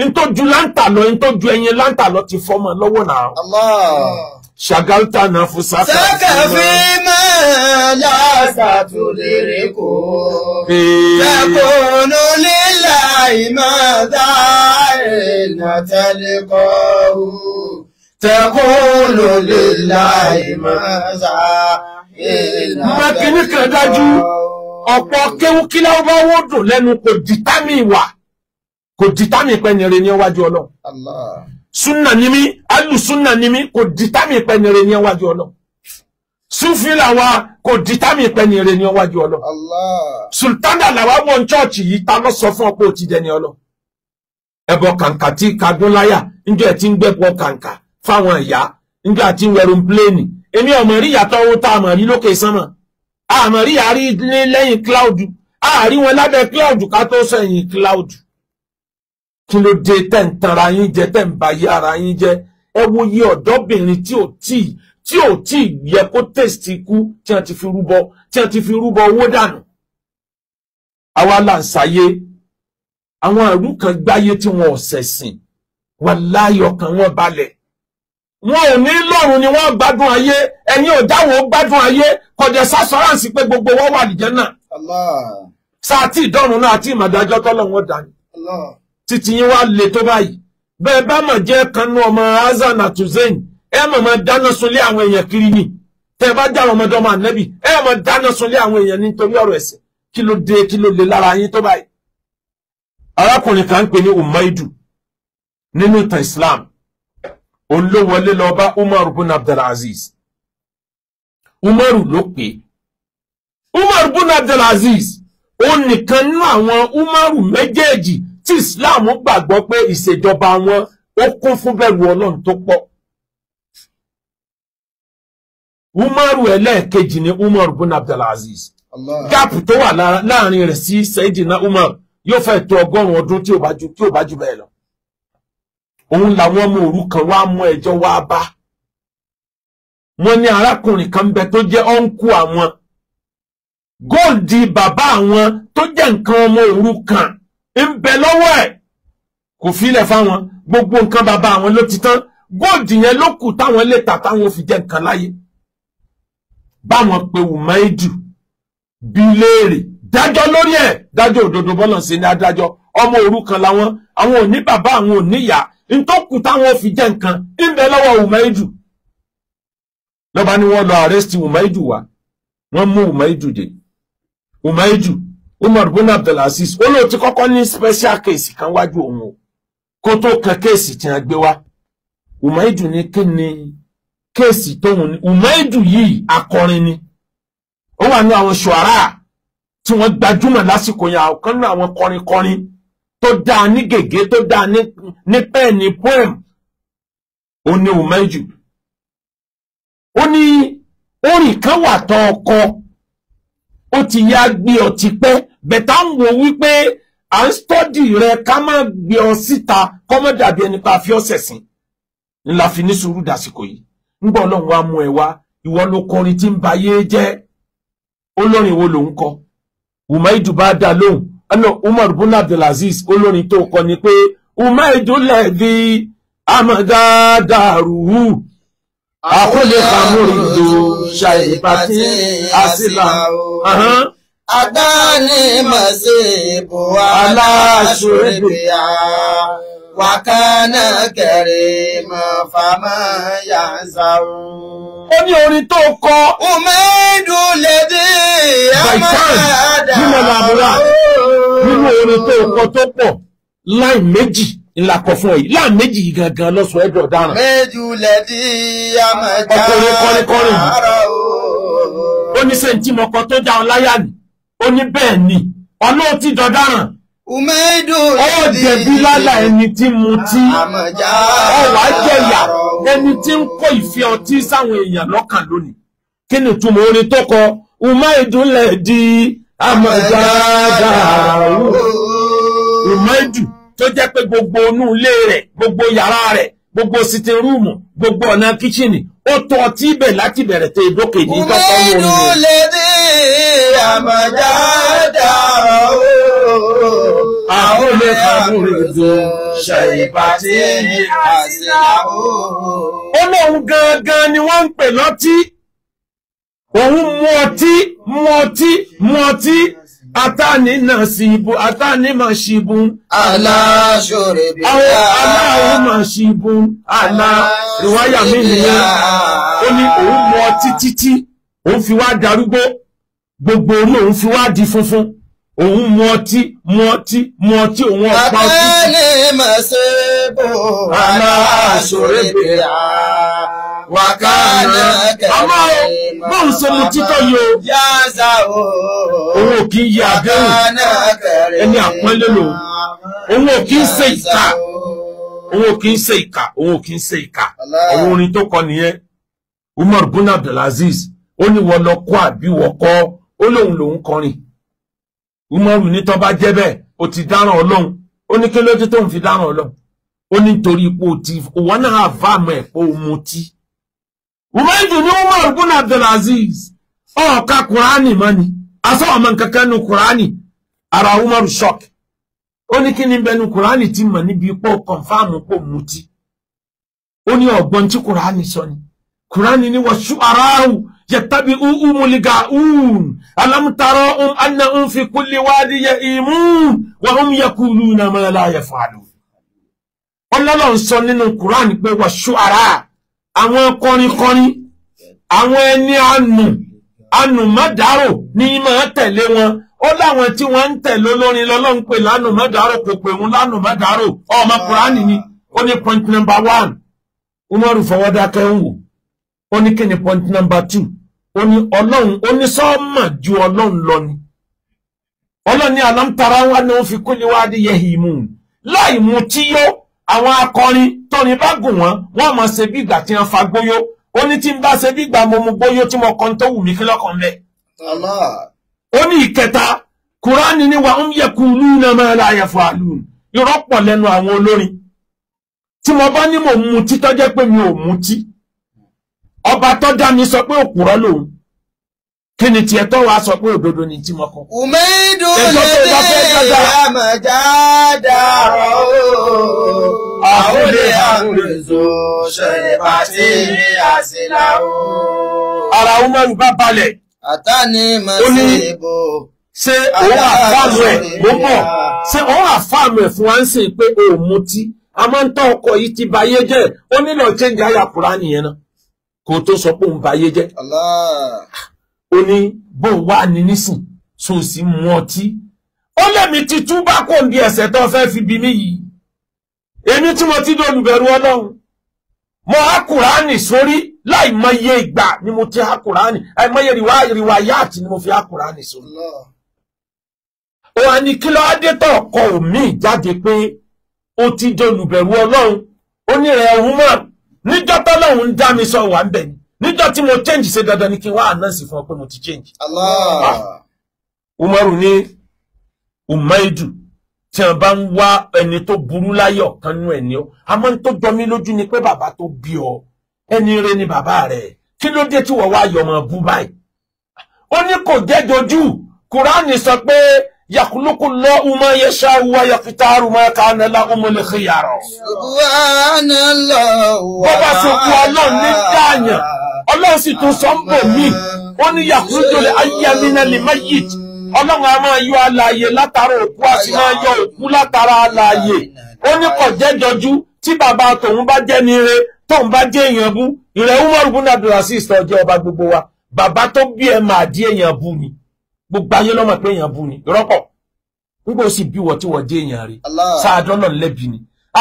ntójú láǹtà lọ ntójú ẹyin láǹtà lọ ti fọmọ lọ́wọ́ náà. ṣàgáltà náà fún sákà. sákà fi máa láàkàtú lérè kó. takùnú lílà ìmọ̀dá ìnàtẹ́lẹ̀ kọ́ ọ́. takùnú lílà ìmọ̀dá ìnàtẹ́lẹ̀ kọ́ ọ́. mọ̀kìnní kan dájú ọ̀pọ̀ kéwúkíláwó bá wọ́dùn lẹ́nu kò dìtámì wà kò dìtámì pẹ́ni rẹ̀ ní ọwájú ọlọ́run súnà ni mí alù súnà ni mí kò dìtámì pẹ́ni rẹ̀ ní ọwájú ọlọ́run súnfì làwa kò dìtámì pẹ́ni rẹ̀ ní ọwájú ọlọ́run sultana làwa wọ̀ ní chọ́ọ̀chì yìí ta ló sọ fún ọ pé ó ti dẹni ọlọ́run ẹ̀bọ kàǹkà tí kadúnláyà njọ́ ẹ̀ ti ń gbẹ̀bọ kàǹkà fáwọn ìyá njọ́ àti wẹ̀rùn pléènì èmi ọmọ rí ìyàtọ̀ owó tá a mọ̀ rí lókè sánmọ̀ a mọ̀ rí àárí lẹ́yìn cloud àárí wọn lábẹ́ cloud ká tó sẹ́yìn cloud kí ló dé tẹ́ ń tanra yín jẹ tẹ́ ń ba yé ara yín jẹ ẹ wo iye ọ̀dọ́bìnrin tí ò tí tí ò tí yẹ kó tèsì ikú tí wọ́n ti fi rúbọ tí wọ́n ti fi rúbọ owó dànù. àwa là ń ṣàyé àwọn ẹrú kan gbáyé tí wọn ò ṣẹ̀sìn wà láyọ̀ kan wọn balẹ̀ wọn ò ní lọ́run ni wọ́n gbádùn ayé ẹ̀yin ò dáwọ́ gbádùn ayé kọjá sásọ́ránsì pé gbogbo wọn wà nìjẹ́ náà. sáà tí ìdọ́run náà àti ìmọ̀dájọ́ tọ́lọ́ wọn dání títí yín wá le tó báyìí bẹ́ẹ̀ bá mọ̀ jẹ́ kanú ọmọ Hasan àtúnzẹ́yìn ẹ mọ̀ mọ̀ dáná sunlé àwọn èèyàn kiri ni tẹ́ bá já àwọn ọmọdé ọmọ ànẹ́bì ẹ mọ̀ dáná sunlé àwọn èèyàn nítorí ọ̀rọ̀ ẹ̀sìn kí ló dé kí ló le lára yín tó báyìí. arákùnrin kan ń pè ní Umaidu nínú ìtàn Islam olówọlé lọ bá Umar bin Abdulaziz Umar ló pè Umar bin Abdulaziz ó nìkan nínú àwọn Umar méjèèjì tí Islam gbàgbọ́ pé ìṣèjọba wọn ó kún fún bẹ̀rù ọlọ́run tó pọ̀ umaru ẹlẹ́ẹ̀kejì ni umar bin abdulaziz gáàpù tó wà láàrin rẹ̀ sí sayidina umar yóò fẹ́ tó ọgọ́rùn-ún ọdún tí ò bá jù bẹ́ẹ̀ lọ òun làwọn ọmọ òrukàn wá mọ ẹjọ́ wá bá wọ́n ní arákùnrin kan bẹ tó jẹ́ ọ̀nkù àwọn góòdì bàbá àwọn tó jẹ́ nǹkan ọmọ òrukàn ń bẹ lọ́wọ́ ẹ̀ kò filẹ̀ fáwọn gbogbo nǹkan bàbá àwọn ló ti tán góòdì yẹn ló kù táwọn lè tà táwọn fi jẹ nǹkan láyé báwọn pe wùmáìdù bí léèrè dájọ́ lórí ẹ̀ dájọ́ òdodo bọ́lọ̀ sí ní adájọ́ ọmọ òrukàn làwọn àwọn ò ní bàbá àwọn ò ní ìyá ntọ́kù táwọn fi jẹ nǹkan ń bẹ lọ́wọ́ wùmáìdù ni wọ́n lọ àrẹ́sì wùmáìdù wá wọ́n mú wùmáìdù dé wùmáìdù Umar bin Abdulaziz ó lóò ti kọ́kọ́ ní special case kan wájú òun o kó tó kan kéèsì tí wọ́n gbé wá Umaidu ní kí ni kéèsì tóun ní Umaidu yìí akọrin ni ó wà ní àwọn ṣùárà tí wọ́n gbajúmọ̀ lásìkò yẹn ọ̀kan ní àwọn kọrinkọrin tó dáa ní gègé tó dáa ní pẹ́ẹ̀nì poem ó ní Umaidu ó ní orin kan wà tó ọkọ ó ti yá gbé ọtí pẹ́ bẹ̀tà ń wò wípé à ń stọ́dì rẹ ká má gbé ọ síta kọ́ mọ́ dàbí ẹni pa fi ọ̀sẹ̀ sìn ńlá fi ní sùúrù dàsìkò yìí ńgbà ọlọ́run wa mú ẹ wá ìwọ ló kọrin tí ń ba yé jẹ́ olórin wo ló ń kọ Umaidu bá dá lóhùn ẹnu Umar bin Abdulaziz olórin tó kọ ni pé Umaidu lẹ́ẹ̀dí amadadaruhu àkọlé kamurindo ṣàyípatì àsìlà agbanimasibu alasuribiya wakana kẹrìmọ fama yansawo. ó ní orin tó kọ. umedu lèdí amáyàdá. nínú làbúrà nínú orin tó kọ tó pọ̀ láì méjì ńlá kọ fún ẹ yìí láì méjì yìí gangan lọ́sọ̀ ẹ̀dọ̀ ọ̀daràn. umedu lèdí amáyàdá. ọkùnrin kọrin kọrin yìí ó ní sẹ́ńtì mọ́kàn tó dáhùn láyà ni ó ní bẹ́ẹ̀ ni ọlọ́ọ̀tì dọ̀daràn ó jẹ̀bi lálà ẹni tí mu tí ọwà jẹ̀yà ẹni tí ń kó ìfẹ́ ọtí sáwọn èèyàn lọ́kàn lónìí kí ni túmọ̀ orin tó kọ umaidunlẹ̀ di amọ̀jáda umaidu tó jẹ́ pé gbogbo inú ilé rẹ̀ gbogbo yàrá rẹ̀ gbogbo sitin rúùmù gbogbo ọ̀nà kíchìnì ó tọ́ ọtí ibẹ̀ láti bẹ̀rẹ̀ tẹ ìdókè ní ìtọ́kọ́ ní orin rẹ̀ àmọ̀já dà ó. àwọn olè kàmúrò tó ṣe ìbàdí àṣìlá ó. olóhùn gangan ni wọ́n ń pè lọ́tí òun mú ọtí mú ọtí mú ọtí atani na sibu atani ma sibu ala sore bi ala o ma sibu ala riwaya mi nìyẹn ó ní òun mọ títí tí òun fi wá darúgbó gbogbo orí òun fi wá di funfun òun mu ọtí mu ọtí mu ọtí òun ọ̀pá ọtí. abẹ́lẹ̀ mà ṣe bò àná àṣòro ìbéèrè wàkàlẹ̀ kẹ̀lẹ́. àmọ́ bóun ṣe mu títọ́ yìí o. òun ò kì í yẹ àdéhùn ẹni àpọ́nlé lò òun ò kì í ṣe ìka òun ò kì í ṣe ìka òun ò kì í ṣe ìka àwọn orin tó kọ nìyẹn Umar bin Abdulaziz ó ní wọ́n lọ kọ́ àbí wọ́n kọ́ ó lóun lòun kọrin umaru ní tán bá jẹ́ bẹ́ẹ̀ ó ti dáràn ọlọ́run ó ní kí ló dé tóun fi dáràn ọlọ́run ó ní torí ipò tí òwò náà àfàmù ẹ̀ pé ó mutí umaru ní umaru bùnà abdulaziz ọ̀ọ́ka kùránì mọ́ ni asọ́ ọmọ nǹkan nu kùránì ara umaru shock ó ní kí ni bẹnu kùránì ti mọ̀ níbi ipò kọ̀ǹfàmù pò mutí ó ní ọ̀gbọ́n tí kùránì sọ ni kùránì ni wọ́n ṣú aráàlú يتبعوا ملقاؤون ألم تروا أنهم في كل واد يئيمون وهم يقولون ما لا يفعلون Ọlọ́run sọ nínú Quran pé wà ṣùárà àwọn kọrinkọrin àwọn ẹni ànù ànùmọ́dárò ní máa tẹ̀lé wọn ó láwọn tí wọ́n ń tẹ̀lé olórin lọ́lọ́run pé lánùmọ́dárò kò pè wọ́n ọmọ Quran ni ó ní point number one Umaru fọwọ́dákẹ́ ń wò ó ní point number two ó ní ọlọ́run ó ní sọ́ọ̀mà ju ọlọ́run lọ ni ọlọ́run ní alámtara wa ni wọ́n fi kú ní wáá di yehimu láì mu tí yó àwọn akọrin tọ́ni bá gùn wọ́n wọ́n máa ṣe bí ìgbà tí wọ́n fa gbóyó ó ní tí n bá ṣe bí ìgbà mo mu gbóyó tí mo kàn tó wù mí kí bẹ́ẹ̀. ó ní ìkẹta kùránì ni wa ń yẹ lù náà máa la ayẹ̀fọ́ àlù irọ́ lẹ́nu àwọn olórin tí mo bá ní mò ń mutí tó pé mi ò mutí ọba tó dá mi sọ pé òpùrọ́ lòun kí ni tiẹ̀ tó wàá sọ pé òdodo ni tí mo kọ. ùmẹ́dù lè àmàjá dàrọ̀ o àwòlé àwòlùzò ṣẹlẹ̀ pàtí ní àṣìlá o. ara umaru bá balẹ̀. àtàní màsí ìbò. ṣé òun àfáàmù ẹ̀ ló mọ̀ ṣé òun àfáàmù ẹ̀ fún wa ń sìn pé òun mutí a máa ń tọ́ ọkọ̀ yìí ti bayé jẹ́ ó nílò change ayakura nìyẹn náà kó tó sọ pé òun ba ayé jẹ́ ó ní bó wà ní nísìn so sì mú ọtí ó lẹ́mi ti túbá kò ń bí ẹ̀ṣẹ̀ tó fẹ́ fi bí mí yìí èmi tí mo ti dolùbẹ̀rù ọlọ́run mo há kùránì sórí láì mọye ìgbà ni mo ti há kùránì àìmọye rìwáyàtì ni mo fi há kùránì sórí òun ni kí ló á òmíì jáde pé ó ti dolùbẹ̀rù ọlọ́run ó ní rẹ̀ ọ̀hún mọ́ níjọ́ tọ́lọ́hún dá mi sọ wà ń bẹ̀ ni níjọ́ tí mo change ṣe dandan ni kí n wá ànánsì fún mo ti change. Ah. umaru ní umaidu tí wọn bá ń wá ẹni tó burú láyọ̀ kan nú ẹni ọ àmọ́ jọ mí lójú ni pé bàbá tó bí ọ ẹni rẹ ni bàbá rẹ kí ló dé tí wọ́n wá yọ ọmọ bú báyìí ó ní kò jẹ́ dojú kùránì sọ pé يخلق الله ما يشاء ويختار ما كان لهم الخيار سبحان الله bọ́bá sọ̀kú ọlọ́run ní dáàyàn ọlọ́run sì tún sọ ń bò mí ó ní yàkúndùlẹ̀ ayélujára lè má yìí ọlọ́run a máa yọ alààyè látara òkú a sì máa yọ òkú látara alààyè ó ní kò jẹ́ jọjú tí bàbá tòun bá jẹ́ ni ire tóun bá jẹ́ èèyàn bú ìrẹ̀ Umar bin Abdulaziz tó jẹ́ ọba gbogbo wa bàbá tó bí ẹ̀ máa di èèyàn bú ni gbogbo ayé ló pé èèyàn bu ni rọ́pọ̀ nígbà ó sì bí wọ́n tí wọ́n jẹ́ èèyàn rí sáàdọ́lọ̀ ńlẹ́bi ni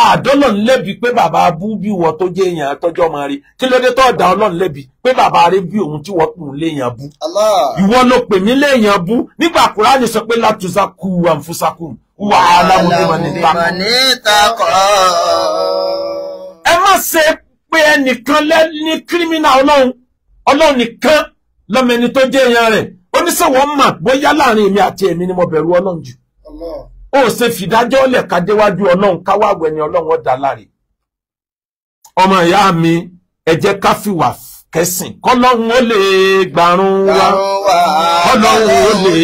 àdọ́lọ̀ ńlẹ́bi pé bàbá abú bí wọ́n tó jẹ́ èèyàn àtọ́jọ́ máa rí kí ló dé tó ọlọ́run lẹ́bi pé bàbá rí bí òun tí wọ́n kùn léèyàn bú ìwọ ló pè mí léèyàn bú nígbà Kùránì sọ pé látúnṣà kú àǹfùsàkùn wà á láwọn ẹ má ṣe pé ẹnìkan lẹ́ni kírímínà ọlọ́run ọlọ́run nìkan lọ́mọ ẹni tó jẹ́ èèyàn rẹ̀ oni se won ma boya laarin mi ati emi ni mo beru olohun ju o se fidajo le ka de waju olohun ka wa gwe ni olohun o da laare omo ya mi eje ka wa kesin kolohun o le gbaru wa olohun o le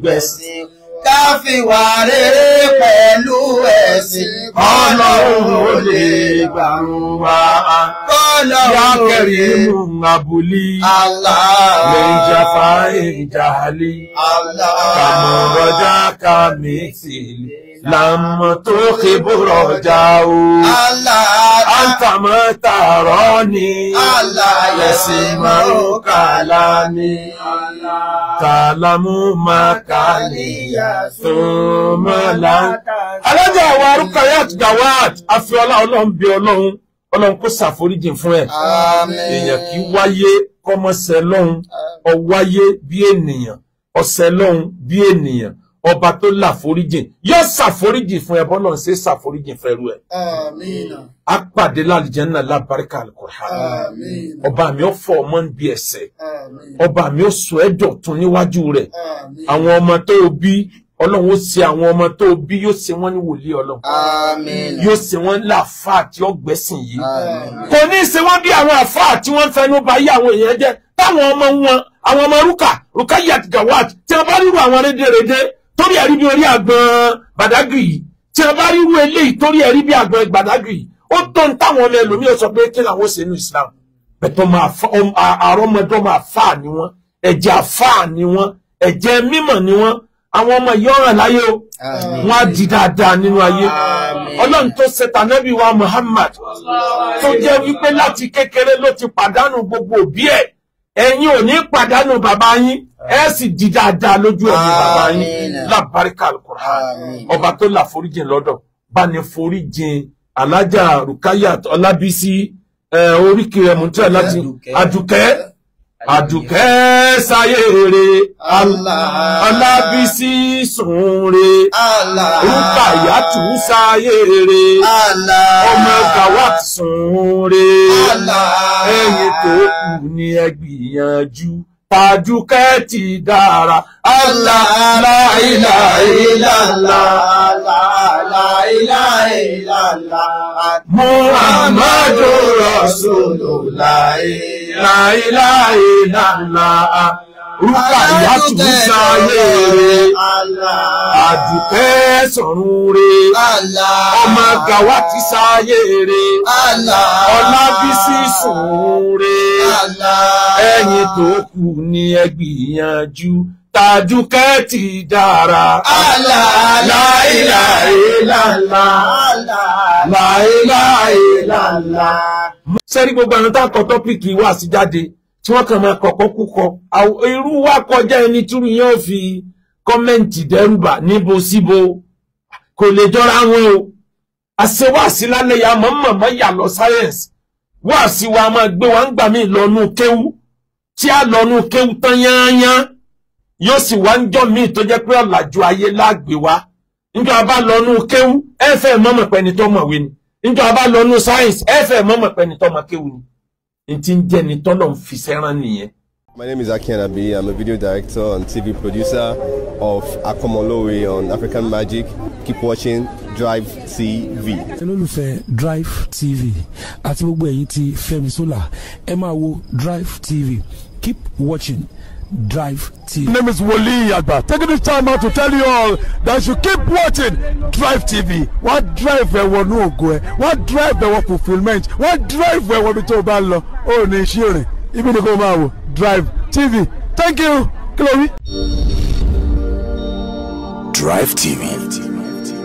gbesin ká fi wà rere pẹ̀lú ẹ̀sìn ọlọ́run ó lè gbàrún wa. Ya Karim abuli, lẹ́jàfà ìjàlí, kàmọ̀rọ̀dá kàmí sílẹ̀. لم تخب رجاء أنت ما تراني الله يسمع كلامي كلام ما كان ثم لا alájà wa Rukayat Gawat afiola ọlọ́run bí ọlọ́run ọlọ́run kó ṣàforíjì fún ẹ èèyàn kì í wáyé kọmọsẹ lọ́hùn ọwáyé bí ènìyàn ọsẹ lọ́hùn bí ènìyàn ọba tó là foríjìn yóò ṣàforíjìn fún ẹ bọ́lọ̀ ṣe ṣàforíjìn fún ẹrú ẹ. àmín. a pàdé lálìjẹ́nà lábáríkà alukur'an. àmín. ọba mi ò fọ ọmọ ń bi ẹ̀ṣẹ̀. àmín. ọba mi ò sọ ẹ́ dọ̀tun níwájú rẹ̀. àmín. àwọn ọmọ tó o bí ọlọ́run ó ṣe àwọn ọmọ tó bí yóò ṣe wọ́n ní wòlíì ọlọ́run yóò ṣe wọ́n láàfà tí ó gbẹ̀sìn yìí kò ní ṣe wọ́n bí àwọn àfà tí wọ́n fẹnu bà yí àwọn èèyàn jẹ́ táwọn ọmọ wọn àwọn ọmọ rúkà rúkà yàtìgàwàt tí wọ́n bá rírò àwọn rédèrèdè torí ẹ̀rí bí orí àgbọn Badagry tí wọn bá rí irú eléyìí torí ẹ̀rí bí àgbọn Badagry ó tó ń táwọn ọmọ ẹlòmíràn sọ pé kí làwọn ṣe ní Islam bẹ̀tọ̀ àrọ́mọdọ́ máa fà ní wọn ẹ̀jẹ̀ àfà ní wọn ẹ̀jẹ̀ mímọ̀ ní wọn àwọn ọmọ yìí ọ̀ràn láyé o wọn á di dáadáa nínú ayé ọlọ́run tó ṣẹta nẹ́bí wa Muhammad tó jẹ́ wípé láti kékeré ló ti pàdánù gbogbo òbí ẹ̀ ẹ̀yin ò ní pàdánù bàbá yín ẹ sì di dáadáa lójú ẹ̀mí bàbá yín lábàríkà alukur'an ọba tó là foríjìn lọ́dọ̀ bá ní foríjìn alájà rukayat ọlábísí oríkì rẹ̀ mú tẹ́ láti adùkẹ́ àdùkẹ́ sáyé rere alábísí sùn re rúkàyàtù sáyé rere ọmọ gawat sùn re ẹ̀yin tó kù ni ẹ gbìyànjú tàdùkẹ́ ti dára aláìláìlá aláìláìlá muhammadu rasulullah láìláìláìlá rúkà ìyàtú sáyé rẹ̀ àdùkẹ́ sọ̀run rẹ̀ ọmọ gàwá ti sáyé rẹ̀ ọlábísí sùn rẹ̀ ẹ̀yin tó kù ní ẹ gbìyànjú tàdúkẹ́ ti dára láìláìláìlá láìláìláìlá sẹ́rí gbogbo àwọn tá a kọ tọ́pìkì wá sí jáde tí wọ́n kàn máa kọ̀kọ́ kúkọ irú wa kọjá ẹni túrú yẹn ò fi kọ́mẹ́ǹtì dẹ́rùbà níbo síbo kò lè jọra wọn o àṣewàsí lálẹ́ ya mọ̀mọ̀mọ̀ yà lọ sáyẹ́ǹsì wàásí wa máa gbé wa ń gbà mí lọ́nu kéwú tí a lọ́nu kéwú tán yányán yóò sì wá ń jọ míì tó jẹ́ pé ọ̀làjú ayé láàgbé wa ń jọ lọ́nu kéwú ẹ fẹ́ mọ̀mọ̀ pẹ́ni tó mọ̀wé ni níjọ́ bá lọ nú science ẹ fẹ́ mọ́mọ́ pẹ́ni tọ́mọ kéwu ni n ti ń jẹ́ ni tọ́lọ̀ ń fi sẹ́ràn nìyẹn. My name is Aki Anabi. I'm a video director and TV producer of Akomolowe on African Magic. Keep watching Drive TV. Olólùfẹ́ Drive TV àti gbogbo ẹ̀yin tí Fẹ́mi Sola ẹ máa wo Drive TV. Keep watching. Drive TV. My name is Wole Agba taking this time out to tell you all that you keep watching Drive TV wá drive ẹ̀wọ̀ ní ògo ẹ̀ wá drive ẹ̀wọ̀ fulfilment wá drive ẹ̀wọ̀ bí tó o bá lọ ó ní iṣẹ́ rìn ibi ni kò máa wò Drive TV thank you Chloe. Drive TV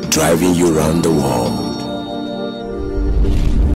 driving you round the world.